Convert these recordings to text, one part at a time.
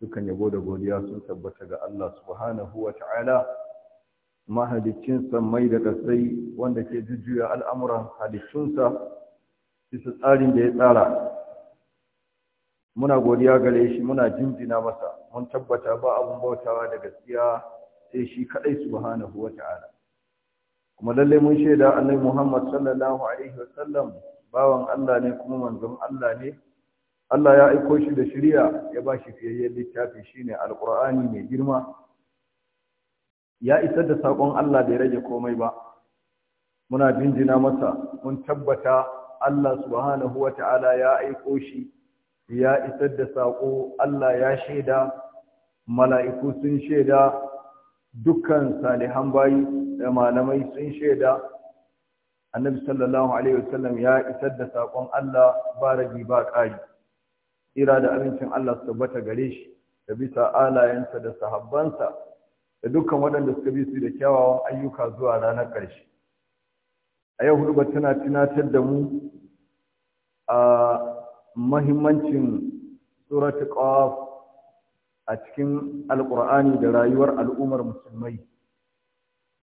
dukan yabo da godiya sun tabbata ga Allah subhanahu wa ta'ala mahalicin da kasai wanda ke jujjuya al'amuran halittunsa bisa tsarin da ya tsara muna godiya gare shi muna jinjina masa mun tabbata ba abun bautawa da gaskiya sai shi kadai subhanahu wa ta'ala kuma lalle mun shaida annabi Muhammad sallallahu alaihi wasallam bawan Allah ne kuma manzon Allah ne Allah ya aiko shi da shari'a ya ba shi fiyayyen littafi shine alqur'ani mai girma ya isar da sakon Allah bai rage komai ba muna jinjina masa mun tabbata Allah subhanahu wa Ta'ala ya aiko shi ya isar da sako Allah ya shaida mala'iku sun shaida dukkan salihan bayi da malamai sun shaida annabi sallallahu alaihi wasallam ya isar da saƙon Allah ba ragi ba ƙari tsira da amincin Allah su tabbata gare shi da bisa alayensa da sahabbansa da dukkan waɗanda suka bi su da kyawawan ayyuka zuwa ranar ƙarshe a yau hudu tana tunatar da mu a mahimmancin suratu ƙawaf a cikin alƙur'ani da rayuwar al'ummar musulmai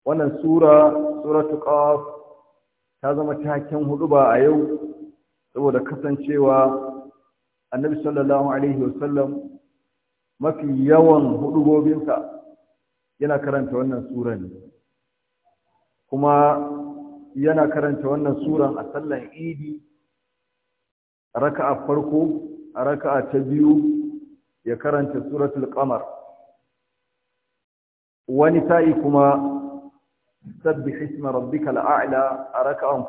wannan sura suratu ƙawaf, ta zama taken hudu ba a yau saboda kasancewa annabi sallallahu alaihi wasallam mafi yawan hudubobinsa yana karanta wannan sura ne kuma yana karanta wannan suran a sallan idi raka'a farko a raka'a ta biyu ya karanta suratul qamar wani ta'i kuma سبح a farko, a أركع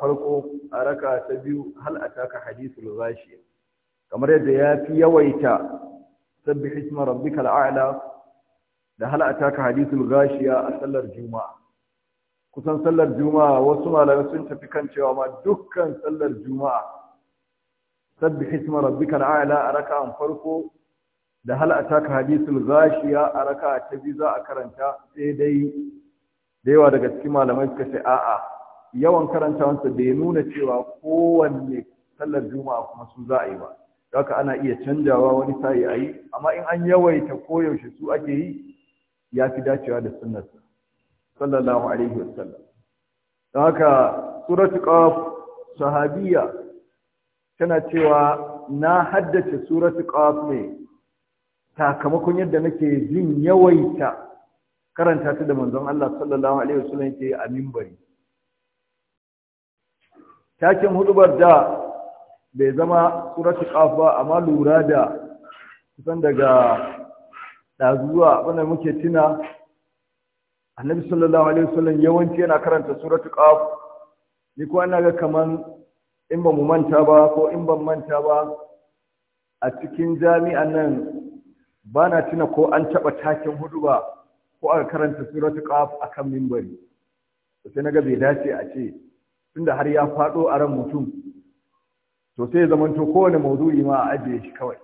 فرقه ta biyu, هل أتاك حديث الغاشية kamar yadda ya fi yawaita sabbi isma rabbika al'ala da hal ka hadithul gashiya a sallar juma'a kusan sallar juma'a wasu malamai sun tafi kan cewa ma dukkan sallar juma'a sabbi isma rabbika al'ala a raka'an farko da ta ka hadithul gashiya a raka'a ta biyu za a karanta sai dai da yawa daga cikin malamai suka ce a'a yawan karanta karantawansa bai nuna cewa kowanne sallar juma'a kuma su za a yi ba haka ana iya canjawa wani sa'i a yi amma in an yawaita koyaushe su ake yi ya fi dacewa da sunnarsa sallallahu alaihi wasallam don haka suratu qaf sahabiya tana cewa na haddace suratu qaf ne sakamakon yadda nake jin yawaita karanta ta da manzon Allah sallallahu alaihi wasallam yake a minbari takin hudubar da bai zama suratu qaf ba amma lura da kusan daga dazuwa wanda muke tuna annabi sallallahu alaihi wasallam yawanci yana karanta suratu qaf ni ko ina ga kaman in ba mu manta ba ko in ban manta ba a cikin jami'an nan ba na tuna ko an taɓa takin hudu ba ko aka karanta suratu qaf akan mimbari sai na ga bai dace a ce tunda har ya faɗo a ran mutum to sai ya zamanto kowane maudu'i ma a ajiye shi kawai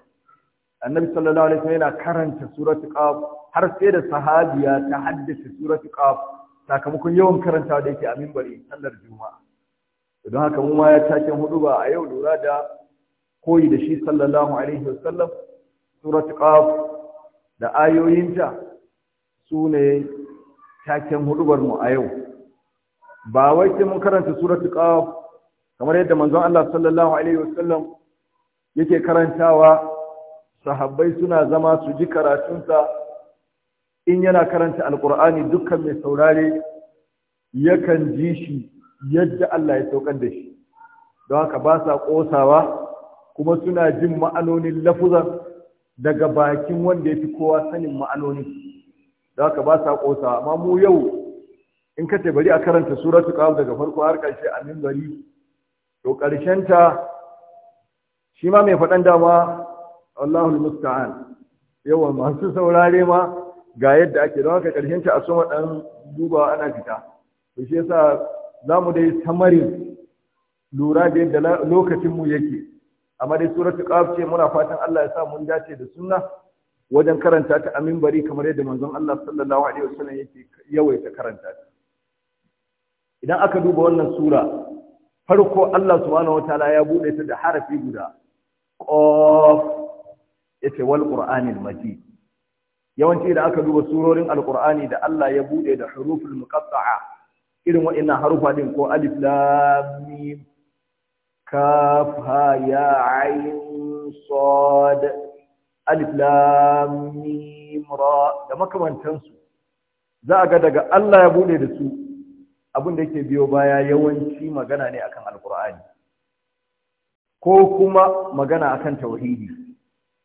annabi sallallahu alaihi wasallam yana karanta suratul qaf har sai da sahabiya ta haddace suratul qaf sakamakon yawan karanta da yake a minbari sallar juma'a don haka mu ma ya taken hudu ba a yau lura da koyi da shi sallallahu alaihi wasallam suratul qaf da ayoyinta su ne taken hudubar mu a yau ba wai sai mun karanta suratul qaf kamar yadda manzon Allah sallallahu alaihi wasallam yake karantawa sahabbai suna zama su ji karatunsa in yana karanta alkur'ani dukkan mai saurare yakan ji shi yadda Allah ya saukar da shi don haka ba sa ƙosawa kuma suna jin ma'anonin lafuzan daga bakin wanda ya fi kowa sanin ma'anonin don haka ba sa ƙosawa amma mu yau in ka bari a karanta suratu qaf daga farko har karshe a gari. to ta shi ma mai faɗan dama Allahul musta'an yawa masu saurare ma ga yadda ake don haka ta a soma ɗan dubawa ana fita to shi yasa za mu dai samarin lura da yadda lokacinmu yake amma dai suratul qaf ce muna fatan Allah ya sa mun dace da sunna wajen karanta ta amin bari kamar yadda manzon Allah sallallahu alaihi wasallam yake yawaita karanta ta idan aka duba wannan sura farko Allah subhanahu wataala ya bude ta da harafi guda qaf yace wal qur'anil majid yawanci da aka duba surorin alqur'ani da Allah ya bude da huruful muqatta'a irin wa'annan harufa din ko alif lam mim kaf ha ya sad alif lam mim ra da makamantansu za a ga daga Allah ya bude da su abin da yake biyo baya yawanci magana ne akan alkur'ani ko kuma magana akan tauhidi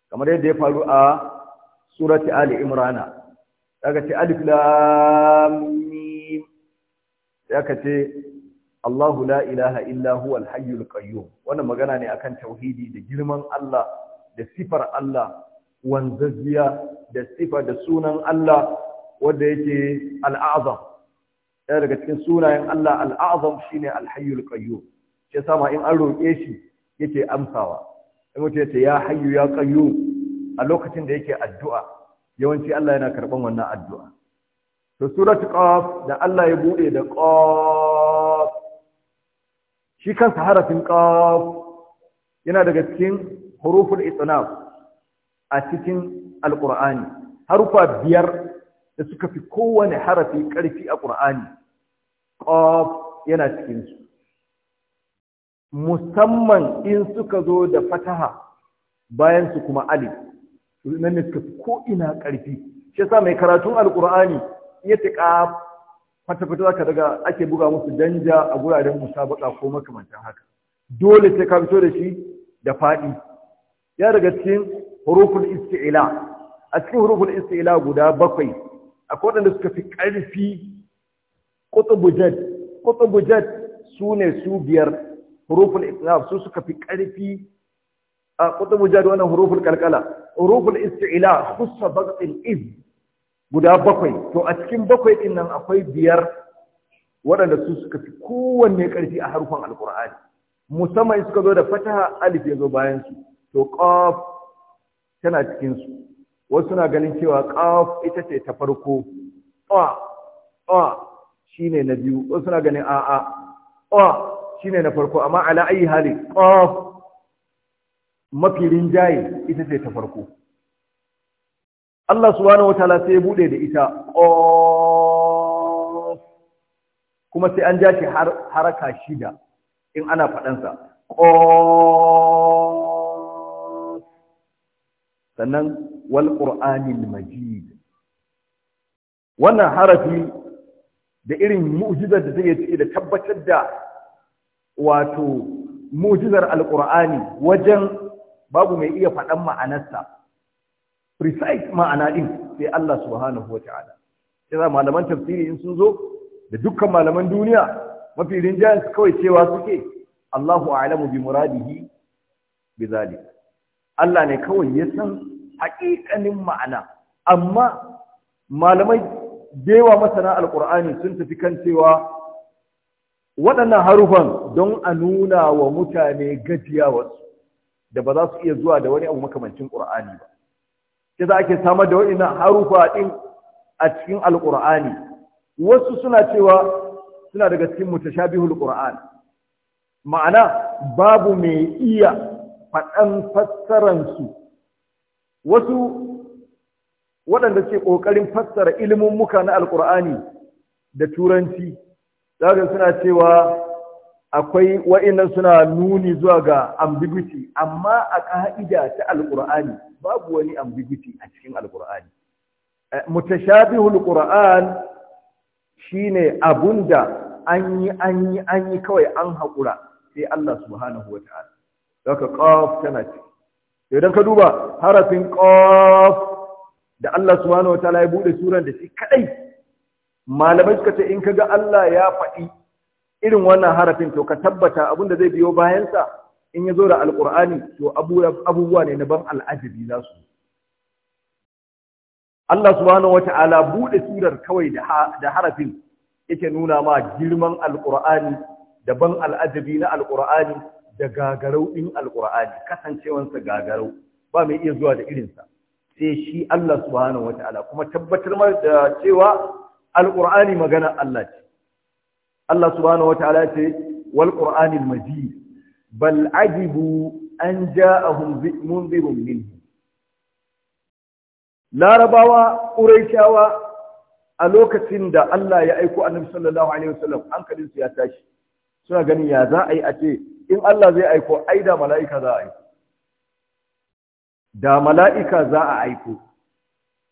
kamar yadda ya faru a surati ali imrana daga ce alif lam mim daga ce Allahu la ilaha illa huwal hayyul qayyum wannan magana ne akan tauhidi da girman Allah da sifar Allah wanzazziya da sifar da sunan Allah wanda yake al'azam ɗaya daga cikin sunayen Allah al'azam shine alhayyul qayyum shi sama in an roƙe shi yake amsawa in mutum yace ya hayyu ya qayyum a lokacin da yake addu'a yawanci Allah yana karban wannan addu'a to suratu ƙaf da Allah ya buɗe da ƙaf. shi kansa harafin ƙaf. yana daga cikin huruful itnaf a cikin alqur'ani harufa biyar da suka fi kowane harafi ƙarfi a ƙur'ani ƙaf yana cikinsu musamman in suka zo da fataha bayan su kuma alif nan ne suka fi ko'ina ƙarfi shi yasa mai karatun alƙur'ani ya tiƙa fata-fata za ka daga ake buga musu danja a guraren musabaka ko makamantan haka dole sai ka fito da shi da faɗi ya daga cikin huruful isti'ila a cikin huruful isti'ila guda bakwai akwai waɗanda suka fi ƙarfi ƙutubu jad su ne su biyar huruful islam su suka fi ƙarfi a ƙutubu jad wannan huruful kalkala huruful isti'ila hussa baqtil iz guda bakwai to a cikin bakwai din nan akwai biyar waɗanda su suka fi kowanne ƙarfi a harufan alƙur'ani musamman suka zo da fataha alif ya zo bayan su to qaf tana cikin su wasu na ganin cewa qaf ita ce ta farko a a shine na biyu wasu na ganin A'a, a a shine na farko amma ala ayi hali qaf mafi rinjaye ita ce ta farko Allah subhanahu wataala sai ya bude da ita qaf kuma sai an ja shi har haraka shida in ana faɗansa qaf sannan wal qur'anil majid wannan harafi da irin mu'jizar da take ciki da tabbatar da wato mu'jizar alqur'ani wajen babu mai iya faɗan ma'anarsa precise ma'ana din sai Allah subhanahu wata'ala sai za malaman tafsiri in sun zo da dukkan malaman duniya mafi rinjayen kawai cewa suke Allahu a'lamu bi muradihi bi zalik Allah ne kawai ya san haƙiƙanin ma'ana amma malamai dewa masana alƙur'ani sun tafi kan cewa waɗannan harufan don a nuna wa mutane gajiyawarsu da ba za su iya zuwa da wani abu makamancin ƙur'ani ba ke za ake samar da waɗannan harufa ɗin a cikin alƙur'ani wasu suna cewa suna daga cikin mutashabihul Alƙur'an. ma'ana babu mai iya faɗan fassaransu wasu waɗanda ke ƙoƙarin fassara ilimin muka na alƙur'ani da turanci zaga suna cewa akwai wa'in suna nuni zuwa ga ambiguity amma a ƙa'ida ta alƙur'ani babu wani ambiguity a cikin alƙur'ani eh, mutashabihul qur'an shine abunda an yi an yi an yi kawai an haƙura sai Allah subhanahu wata'ala daga tana ciki idan ka duba harafin ƙof da Allah subhanahu ta'ala ya bude suran da shi kadai malamai suka ce in kaga Allah ya faɗi irin wannan harafin to ka tabbata abinda zai biyo bayansa in ya zo da alƙur'ani to abubuwa ne na ban al'ajabi za su Allah subhanahu wa ta'ala buɗe surar kawai da harafin yake nuna ma girman alƙur'ani da ban al'ajabi na alƙur'ani da gagarau din alqur'ani kasancewansa gagarau ba mai iya zuwa da irinsa sai shi Allah subhanahu ta'ala. kuma tabbatar mar da cewa alqur'ani magana Allah ce Allah subhanahu ta'ala ce wal qur'anil majid bal ajibu an ja'ahum munzirun minhu larabawa quraishawa a lokacin da Allah ya aiko annabi sallallahu alaihi wasallam hankalinsu ya tashi suna ganin ya za a yi a ce in Allah zai aiko ai da mala'ika za a aiko da mala'ika za a aiko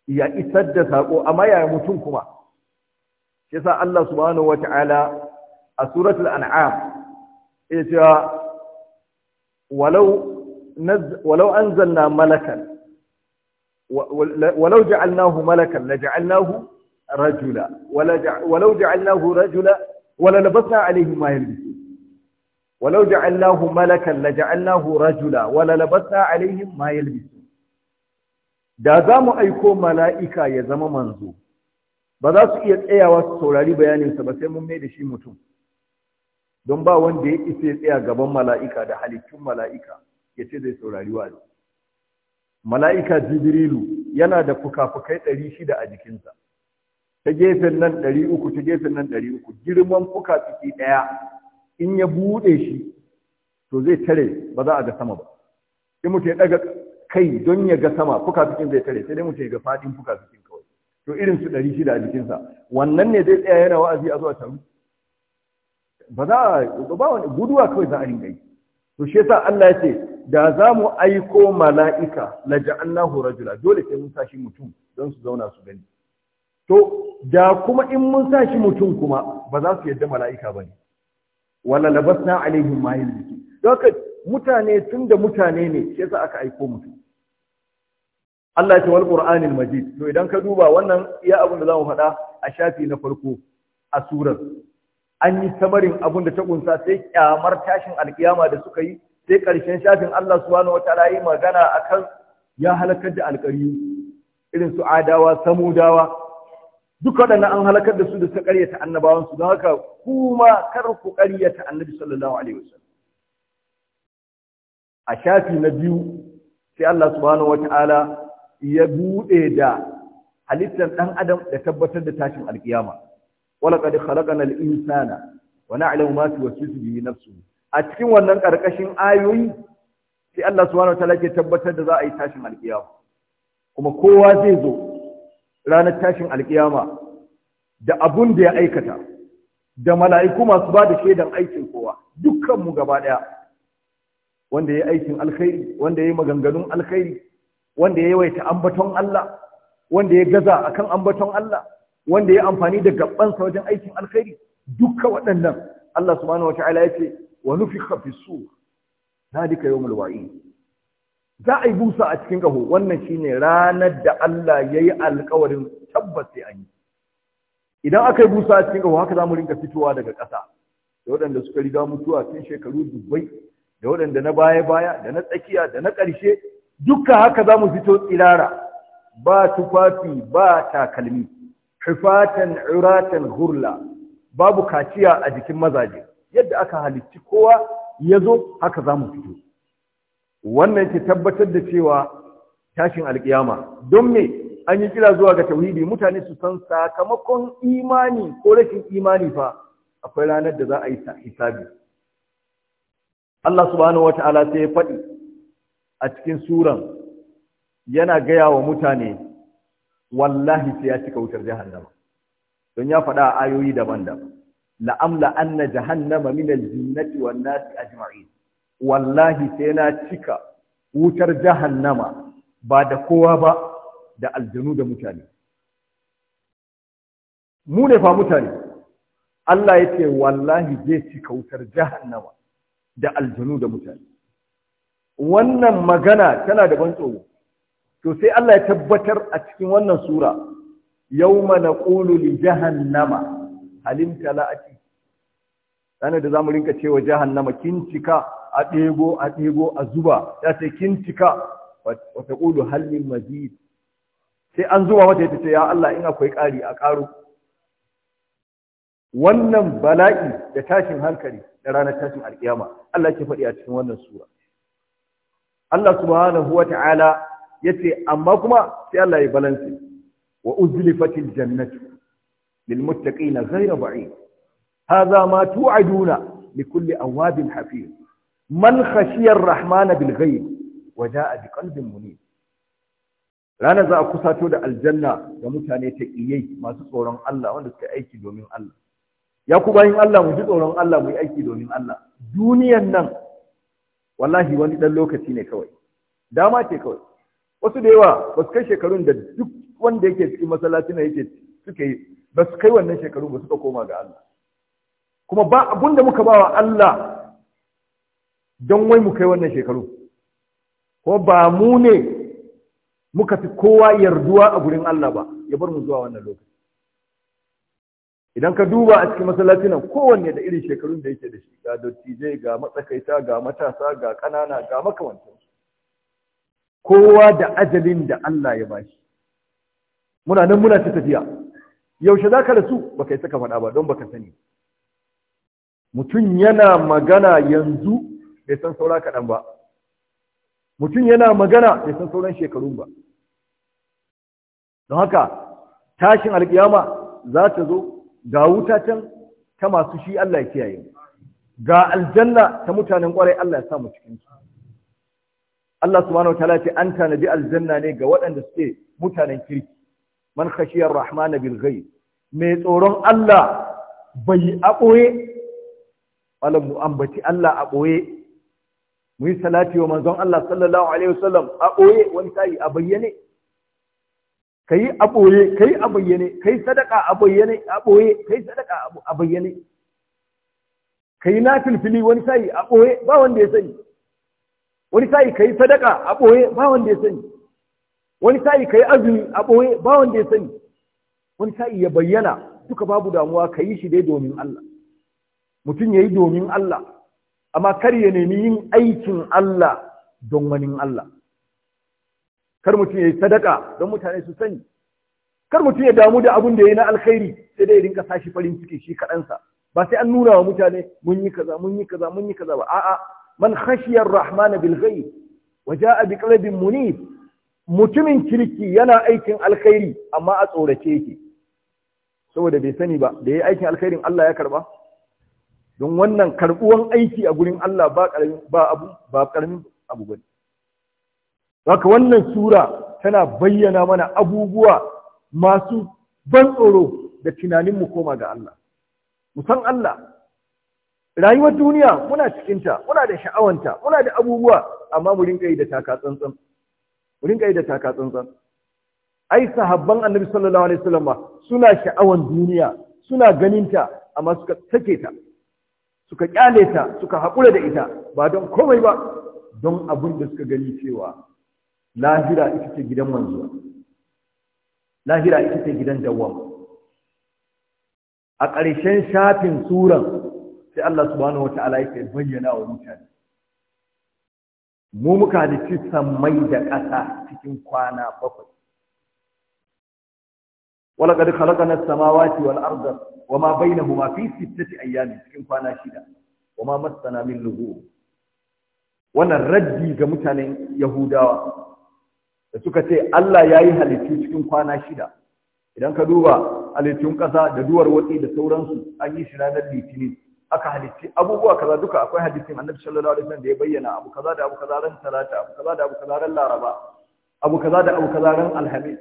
ya isar da saƙo amma yaya mutum kuma shi sa Allah subhanahu wata'ala a suratul an'am ya ce walau walau anzalna malakan walau ja'alnahu malakan la ja'alnahu rajula walau ja'alnahu rajula wala labasna alaihim ma yalbis walau Allahu malakan Allahu rajula wala labasna alaihim da za mu aiko mala'ika ya zama manzo ba za su iya tsayawa su saurari bayaninsa ba sai mun mai da shi mutum don ba wanda ya isa ya tsaya gaban mala'ika da halittun mala'ika ya ce zai saurari wa'azi mala'ika jibrilu yana da fuka-fukai ɗari shida a jikinsa ta gefen nan ɗari uku ta gefen nan ɗari uku girman fuka-fuki ɗaya in ya buɗe shi to zai tare ba za a ga sama ba in mutum ya ɗaga kai don ya ga sama fukafukin zai tare sai dai mutum ya ga faɗin cikin kawai to irin su ɗari shida a jikinsa wannan ne zai tsaya yana wa'azi a zuwa taru ba za a ba wani guduwa kawai za a ringa yi to shi yasa Allah ya ce da za mu aiko mala'ika la ja'alnahu rajula dole sai mun sashi mutum don su zauna su gani to da kuma in mun sashi mutum kuma ba za su yadda mala'ika ba ne. wala labasna alaihim ma yalbisu doka mutane tun da mutane ne shi yasa aka aiko mutum Allah ce wal Qur'anil Majid to idan ka duba wannan iya abin da zamu faɗa a shafi na farko a surar an yi samarin abin da ta kunsa sai kyamar tashin alkiyama da suka yi sai karshen shafin Allah subhanahu wataala yi magana akan ya halakar da alƙari irin su adawa samudawa duk waɗannan an halakar da su da ta ƙaryata annabawansu don haka kuma kar ku ƙaryata annabi sallallahu alaihi wasallam a shafi na biyu sai Allah subhanahu wata'ala ya buɗe da halittar ɗan adam da tabbatar da tashin alkiyama wala qad khalaqana al-insana wa na'lamu ma tuwaswisu bihi nafsuhu a cikin wannan karkashin ayoyi sai Allah subhanahu wata'ala ke tabbatar da za a yi tashin alkiyama kuma kowa zai zo ranar tashin alkiyama da abun da ya aikata da mala'iku masu ba da shaidan aikin kowa dukkanmu gaba ɗaya wanda ya yi aikin alkhairi wanda ya yi maganganun alkhairi wanda ya yawaita ambaton Allah wanda ya gaza akan ambaton Allah wanda ya amfani da gabansa wajen aikin alkhairi dukkan waɗannan Allah subhanahu wata'ala ya ce wa nufikha fi na dika yawon wa'id za a yi busa a cikin ƙaho wannan shine ranar da Allah ya yi alkawarin tabbas sai an yi idan aka yi busa a cikin ƙaho haka za mu rinka fitowa daga ƙasa da waɗanda suka riga mutuwa tun shekaru dubbai da waɗanda na baya-baya da na tsakiya da na ƙarshe duka haka za mu fito tsirara ba tufafi ba takalmi hifatan uratan hurla babu kaciya a jikin mazaje yadda aka halicci kowa ya zo haka za mu fito wannan ke tabbatar da cewa tashin alkiyama don me an yi kira zuwa ga tauhidi mutane su san sakamakon imani ko rashin imani fa akwai ranar da za a yi hisabi Allah subhanahu wata'ala sai ya faɗi a cikin suran yana gaya wa mutane wallahi sai ya cika wutar jahannama don ya faɗa a ayoyi daban-daban la'amla anna jahannama min al-jinnati wan nasi ajma'in wallahi sai na cika wutar jahannama ba da kowa ba da aljanu da mutane mu ne fa mutane Allah ya ce wallahi zai cika wutar jahannama da aljanu da mutane wannan magana tana da ban tsoro to sai Allah ya tabbatar a cikin wannan sura yau mana li jahannama halim talati sanar da zamu rinka cewa nama kin cika a ɗego a ɗego a zuba ya ce kin cika wata ƙulu halin mazid sai an zuba mata ya ce ya Allah in akwai ƙari a ƙaro wannan bala'i da tashin hankali da ranar tashin alƙiyama Allah ke faɗi a cikin wannan sura Allah subhanahu wa ta'ala ya ce amma kuma sai Allah ya balansi wa uzlifatil jannatu lil muttaqina ghayra ba'id hadha ma kulle likulli awabin hafi. man khashiyar rahmana bil ghaib wa jaa bi qalbin munib ranar za a kusato da aljanna ga mutane ta iyai masu tsoron Allah wanda suka aiki domin Allah ya ku bayin Allah mu ji tsoron Allah mu yi aiki domin Allah duniyan nan wallahi wani dan lokaci ne kawai dama ce kawai wasu da yawa ba su kai shekarun da duk wanda yake cikin masallaci na yake suke yi ba su kai wannan shekaru ba suka koma ga Allah kuma ba abun da muka bawa Allah don wai mu kai wannan shekaru ko ba mu ne muka fi kowa yarduwa a gurin Allah ba ya bar mu zuwa wannan lokaci idan ka duba a cikin masallaci nan kowanne da irin shekarun da yake da shi ga dattijai ga matsakaita ga matasa ga kanana ga makamantan kowa da ajalin da Allah ya bashi muna nan muna ta tafiya yaushe za ka rasu ba ka yi saka faɗa ba don baka sani mutum yana magana yanzu bai san saura kaɗan ba mutum yana magana bai san sauran shekarun ba don haka tashin alkiyama za ta zo ga wuta can ta masu shi Allah ya kiyaye ga aljanna ta mutanen kwarai Allah ya sa mu cikin su Allah subhanahu wa ta'ala ce an tanadi aljanna ne ga waɗanda suke mutanen kirki man khashiyar rahman bil ghaib mai tsoron Allah bai a ɓoye mu ambaci Allah a ɓoye mu yi salati wa manzon Allah sallallahu alaihi wasallam a ɓoye wani sa'i a bayyane ka yi a ɓoye ka yi a bayyane ka yi sadaka a bayyane a ɓoye ka yi sadaka a bayyane ka yi na filfili wani sa'i a ɓoye ba wanda ya sani wani sa'i ka yi sadaka a ɓoye ba wanda ya sani wani sa'i ka yi azumi a ɓoye ba wanda ya sani wani sa'i ya bayyana duka babu damuwa ka yi shi dai domin Allah mutum ya yi domin Allah amma kar ya nemi yin aikin Allah don wani Allah kar mutum ya yi sadaka don mutane su sani kar mutum ya damu da abin da ya yi na alkhairi sai dai rinka sashi farin ciki shi kaɗansa ba sai an nuna wa mutane mun yi kaza mun yi kaza mun yi kaza ba a'a man khashiyar rahman bil ghaib wa ja'a bi qalbin munib mutumin kirki yana aikin alkhairi amma a tsorace yake saboda bai sani ba da yayi aikin alkhairin Allah ya karba don wannan karɓuwan aiki a gurin Allah ba ƙaramin abu ba Ba Haka wannan sura tana bayyana mana abubuwa masu ban tsoro da tunanin mu koma ga Allah. Mu san Allah, rayuwar duniya muna cikinta, muna da sha'awanta, muna da abubuwa, amma mu rinka yi da taka tsantsan. Mu rinka yi da taka tsantsan. Ai, sahabban annabi sallallahu alaihi wasallam suna sha'awan duniya, suna ganinta, amma suka sake ta. suka kyale ta suka haƙura da ita ba don komai ba don abin da suka gani cewa lahira ita ce gidan manzuwa lahira ita ce gidan dawam a ƙarshen shafin suran sai Allah subhanahu ta'ala ya bayyana wa mutane mu muka halicci mai da ƙasa cikin kwana bakwai walaƙad khalaqna as-samawati wal arda wa ma bainahuma fi sittati ayyamin cikin kwana shida wa ma masana min luhu wannan raddi ga mutanen yahudawa da suka ce Allah ya yi halittu cikin kwana shida idan ka duba halittun ƙasa da duwar watsi da sauransu an yi shi ranar litinin aka halitti abubuwa kaza duka akwai hadisin annabi sallallahu alaihi wasallam da ya bayyana abu kaza da abu kaza ran talata abu kaza da abu kaza ran laraba abu kaza da abu kaza ran alhamis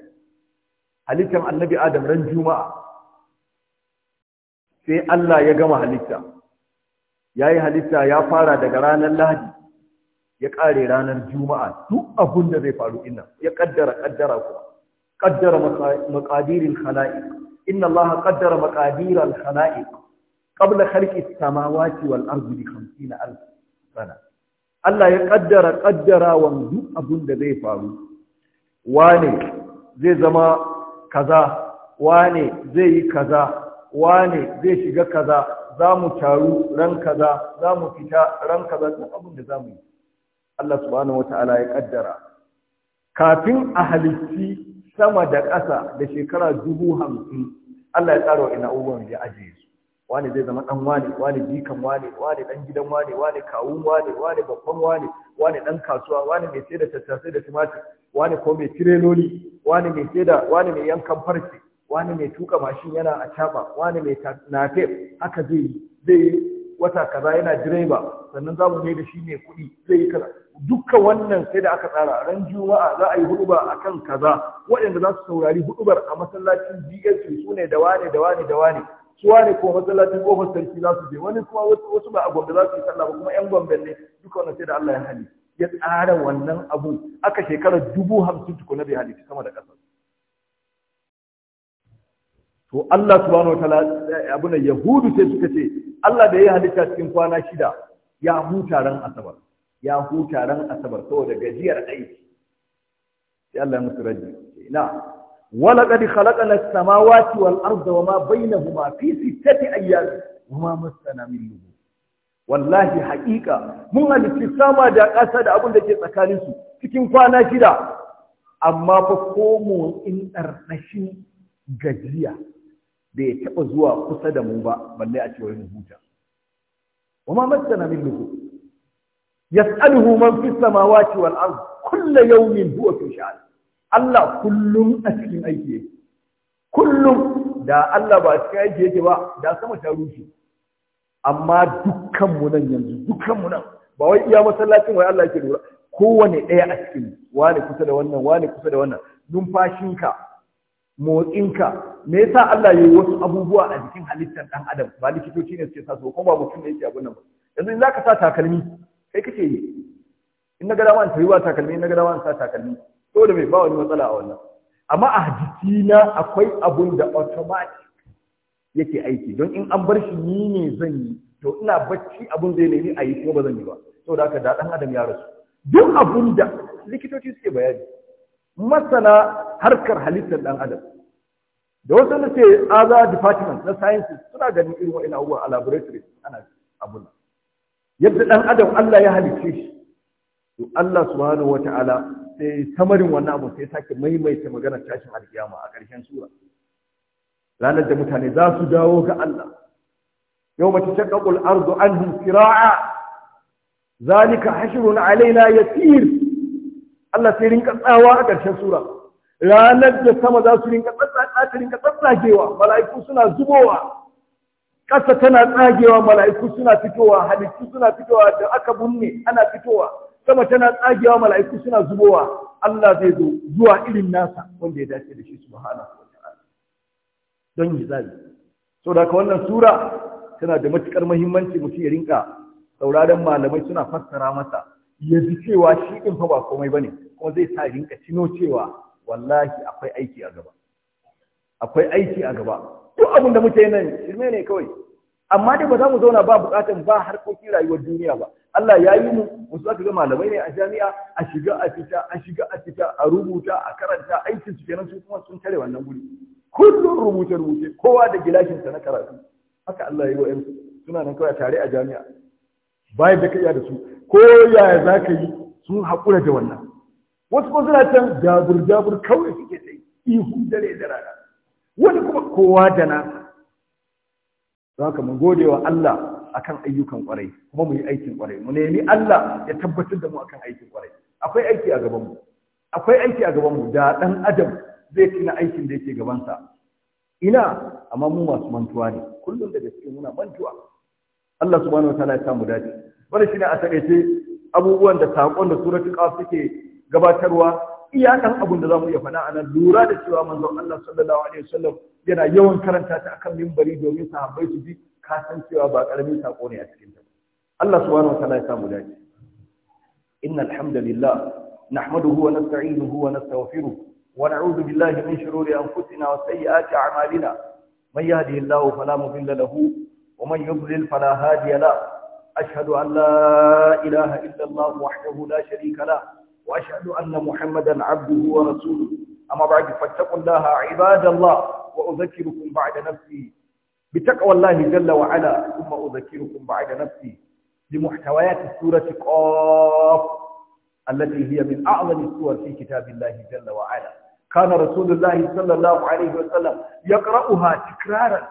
halittan annabi adam ran juma'a sai Allah ya gama halitta ya yi halitta ya fara daga ranar lahadi ya ƙare ranar juma'a duk abin da zai faru ina ya ƙaddara ƙaddara kuma ƙaddara maƙadirin al-hana'i. inna Allah ƙaddara maƙadirar khala'iq qabla khalqi samawati wal ardi bi 50000 sana Allah ya ƙaddara ƙaddarawan duk abin da zai faru wane zai zama kaza wane zai yi kaza wane zai shiga kaza za mu taru ran kaza za mu fita ran kaza ta abin da za mu yi Allah subhanahu wata'ala ya kaddara kafin a halitti sama da ƙasa da shekara dubu hamsin Allah ya tsara wa ina abubuwan da ajiye su wane zai zama ɗan Wane wane jikan wane? Wane ɗan gidan wane? Wane kawun wane? Wane babban wane? Wane ɗan kasuwa wane mai sai da tattasai da tumatir Wane ko mai tireloli Wane mai sai da wane mai yankan farce wani mai tuka mashin yana a caba wani mai nafe haka zai yi zai yi wata kaza yana direba sannan za mu mai da shi mai kuɗi zai yi kaza dukkan wannan sai da aka tsara ran juma'a za a yi huduba a kan kaza waɗanda za su saurari hudubar a masallacin dsc su ne da wane da wane da wane su wane ko masallacin kofar sarki za su je wani kuma wasu ba a gombe za su yi sallah ba kuma yan gombe ne duka wannan sai da allah ya hali ya tsara wannan abu aka shekarar dubu hamsin tukuna bai halitta sama da ƙasa to Allah subhanahu wataala yahudu sai suka ce Allah da ya halitta cikin kwana shida ya huta ran asabar ya huta ran asabar saboda gajiyar aiki sai Allah musu raji ina wala qad khalaqna as-samawati wal arda wama bainahuma fi sittati ayyam wama massana min lughub wallahi haqiqa mun halitta sama da ƙasa da abin da ke tsakanin su cikin kwana shida amma fa ko in ɗarnashin gajiya bai taɓa zuwa kusa da mu ba balle a cewa mu huta wama masana min nuhu yas'aluhu man fi samawati wal ard kullu yawmin huwa fi sha'an Allah kullum a cikin aiki yake kullum da Allah ba cikin aiki yake ba da sama ta rushe amma dukkan mu nan yanzu dukkan mu nan ba wai iya masallacin wai Allah yake lura kowane ɗaya a cikin wani kusa da wannan wani kusa da wannan numfashinka motsinka me yasa Allah ya yi wasu abubuwa a jikin halittar ɗan adam ba likitoci ne suke sa su kuma ba mutum ne yake abun nan ba yanzu in zaka sa takalmi kai kace yi in na ga dama in tayi ba takalmi in na ga dama in sa takalmi saboda bai ba wani matsala a wannan amma a na akwai abun da automatic yake aiki don in an bar shi ni ne zan yi to ina bacci abun zai nemi a yi kuma ba zan yi ba saboda haka da ɗan adam ya rasu duk abun da likitoci suke bayani masana harkar halittar ɗan adam da wasu na ce aza department na sciences suna ganin irin wa'in abubuwa a laboratory ana abun yadda ɗan adam Allah ya halicce shi to Allah subhanahu wa ta'ala sai samarin wannan abu sai sake maimaita maganar tashin alkiyama a ƙarshen sura ranar da mutane za su dawo ga Allah yau mace shaqqaqul ardu anhum sira'a zalika hashrun alaina yasir Allah sai rinka tsawa a ƙarshen sura ranar da sama za su rinka mala'iku suna zubowa ƙasa tana tsagewa mala'iku suna fitowa halittu suna fitowa da aka bunne ana fitowa sama tana tsagewa mala'iku suna zubowa Allah zai zo zuwa irin nasa wanda ya dace da shi subhanahu wa ta'ala don yi zabi da ka wannan sura tana da matukar muhimmanci mutum ya rinka sauraron malamai suna fassara masa ya ji cewa shi din fa ba komai bane ko zai sa rinka cino cewa wallahi akwai aiki a gaba akwai aiki a gaba duk abin da muke nan shirme ne kawai amma dai ba za mu zauna ba bukatan ba harkokin rayuwar duniya ba Allah ya yi mu wasu aka ga malamai ne a jami'a a shiga a fita a shiga a fita a rubuta a karanta aikin su kenan su kuma sun tare wannan guri kullum rubuce rubuce kowa da gilashin sa na karatu haka Allah ya yi wa wa'in suna nan kawai tare a jami'a bayan da ka iya da su ko yaya za ka yi sun haƙura da wannan wasu kuma suna can jabur jabur kawai suke sai ihu dare da rana wani kuma kowa da nasa don haka mu gode wa Allah akan ayyukan kwarai kuma mu yi aikin kwarai mu nemi Allah ya tabbatar da mu akan aikin kwarai akwai aiki a gaban mu akwai aiki a gaban mu da dan adam zai tuna aikin da yake gabansa ina amma mu masu mantuwa ne kullum daga cikin muna mantuwa Allah subhanahu wataala ya samu dace wannan shine a takaice abubuwan da sakon da suratul qaf suke gabatarwa iyakan abin da zamu iya fada a nan lura da cewa manzon Allah sallallahu alaihi wasallam yana yawan karanta ta akan mimbari domin sahabbai su ji kasancewa ba karamin sako ne a cikin ta Allah subhanahu wa ta'ala ya samu dace innal hamdalillah nahmaduhu wa nasta'inuhu wa nastaghfiruh wa na'udhu billahi min shururi anfusina wa sayyiati a'malina man yahdihillahu fala mudilla lahu ومن يضلل فلا هادي له أشهد أن لا إله إلا الله وحده لا شريك له وأشهد أن محمدا عبده ورسوله أما بعد فاتقوا الله عباد الله وأذكركم بعد نفسي بتقوى الله جل وعلا ثم أذكركم بعد نفسي بمحتويات سورة قاف التي هي من أعظم السور في كتاب الله جل وعلا كان رسول الله صلى الله عليه وسلم يقرأها تكرارا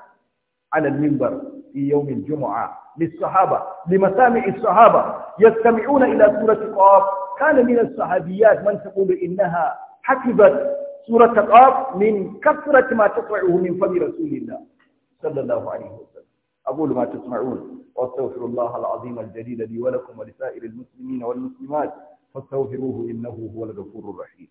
على المنبر في يوم الجمعة للصحابة لمسامع الصحابة يستمعون إلى سورة قاف كان من الصحابيات من تقول إنها حفظت سورة قاف من كثرة ما تطعه من فم رسول الله صلى الله عليه وسلم أقول ما تسمعون واستغفر الله العظيم الجليل لي ولكم ولسائر المسلمين والمسلمات فاستغفروه إنه هو الغفور الرحيم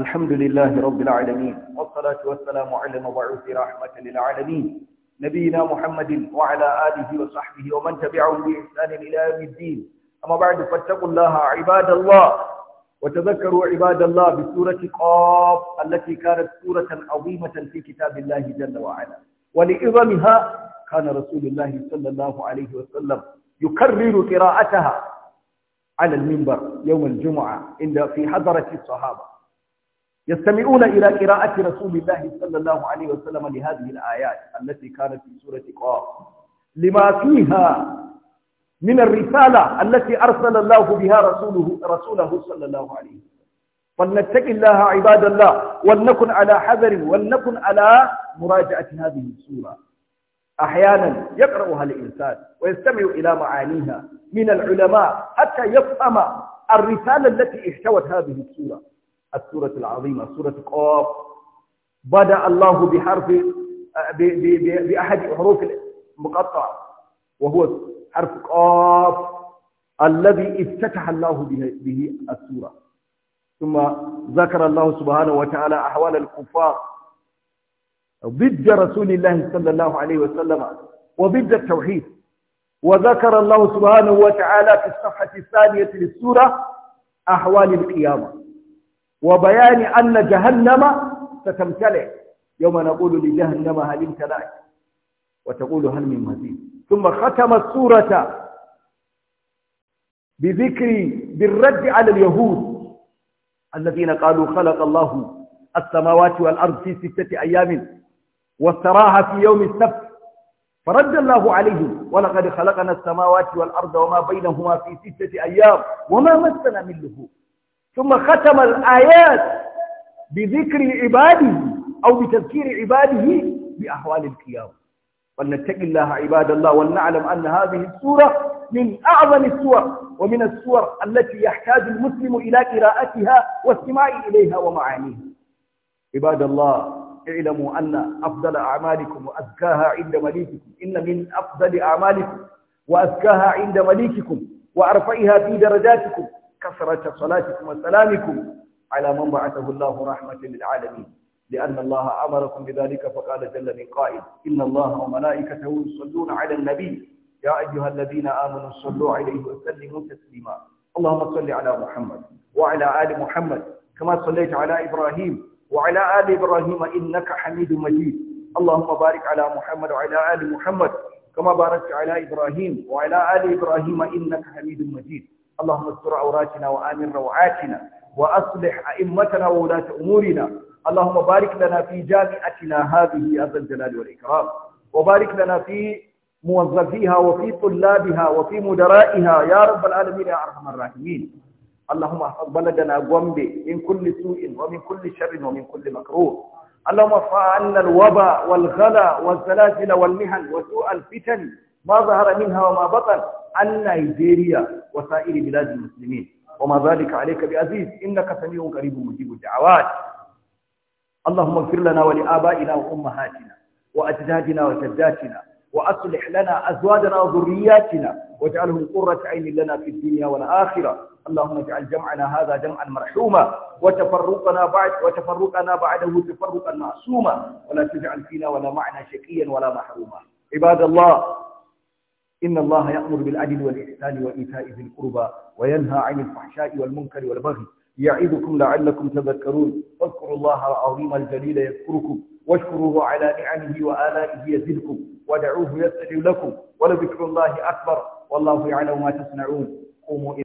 الحمد لله رب العالمين والصلاة والسلام على مبعوث رحمة للعالمين نبينا محمد وعلى آله وصحبه ومن تبعهم بإحسان إلى يوم الدين أما بعد فاتقوا الله عباد الله وتذكروا عباد الله بسورة قاف التي كانت سورة عظيمة في كتاب الله جل وعلا ولعظمها كان رسول الله صلى الله عليه وسلم يكرر قراءتها على المنبر يوم الجمعة عند في حضرة الصحابة يستمعون إلى قراءة رسول الله صلى الله عليه وسلم لهذه الآيات التي كانت في سورة قاف لما فيها من الرسالة التي أرسل الله بها رسوله, رسوله صلى الله عليه وسلم فلنتق الله عباد الله ولنكن على حذر ولنكن على مراجعة هذه السورة أحيانا يقرأها الإنسان ويستمع إلى معانيها من العلماء حتى يفهم الرسالة التي احتوت هذه السورة السورة العظيمة سورة قاف بدأ الله بحرف بأحد حروف المقطعة وهو حرف قاف الذي افتتح الله به السورة ثم ذكر الله سبحانه وتعالى أحوال الكفار ضد رسول الله صلى الله عليه وسلم وضد التوحيد وذكر الله سبحانه وتعالى في الصفحة الثانية للسورة أحوال القيامة وبيان أن جهنم ستمتلئ يوم نقول لجهنم هل امتلأت وتقول هل من مزيد ثم ختم السورة بذكر بالرد على اليهود الذين قالوا خلق الله السماوات والأرض في ستة أيام واستراها في يوم السبت فرد الله عليهم ولقد خلقنا السماوات والأرض وما بينهما في ستة أيام وما مسنا من لهوب ثم ختم الآيات بذكر عباده أو بتذكير عباده بأحوال القيامة فلنتق الله عباد الله ولنعلم أن هذه السورة من أعظم السور ومن السور التي يحتاج المسلم إلى قراءتها واستماع إليها ومعانيها عباد الله اعلموا أن أفضل أعمالكم وأزكاها عند مليككم إن من أفضل أعمالكم وأزكاها عند مليككم وأرفعها في درجاتكم كثرة صلاتكم وسلامكم على من بعثه الله رحمة للعالمين لأن الله أمركم بذلك فقال جل من قائل إن الله وملائكته يصلون على النبي يا أيها الذين آمنوا صلوا عليه وسلموا تسليما اللهم صل على محمد وعلى آل محمد كما صليت على إبراهيم وعلى آل إبراهيم إنك حميد مجيد اللهم بارك على محمد وعلى آل محمد كما باركت على إبراهيم وعلى آل إبراهيم إنك حميد مجيد اللهم استر عوراتنا وآمن روعاتنا وأصلح أئمتنا وولاة أمورنا اللهم بارك لنا في جامعتنا هذه يا ذا الجلال والإكرام وبارك لنا في موظفيها وفي طلابها وفي مدرائها يا رب العالمين يا أرحم الراحمين اللهم احفظ بلدنا غومبي من كل سوء ومن كل شر ومن كل مكروه اللهم ارفع عنا الوباء والغلا والزلازل والمهن وسوء الفتن Maza zahara minha hawa ma batan an Najeriya. wa sa'iri biladil wa ma zalika bi aziz innaka samiu qaribu mujibu da'awat Allahumma ighfir lana wa li abaina ummahatina wa ajdadina wa jaddatina wa aslih lana azwajana wa dhurriyyatina waj'alhum qurrata aynin lana fid dunya wal akhirah اللهم اجعل جمعنا هذا جمعا مرحوما وتفرقنا بعد وتفرقنا إن الله يأمر بالعدل والإحسان وإيتاء ذي القربى وينهى عن الفحشاء والمنكر والبغي يعظكم لعلكم تذكرون فاذكروا الله العظيم الجليل يذكركم واشكروه على نعمه وآلائه يزدكم ودعوه يستجب لكم ولذكر الله أكبر والله يعلم ما تصنعون قوموا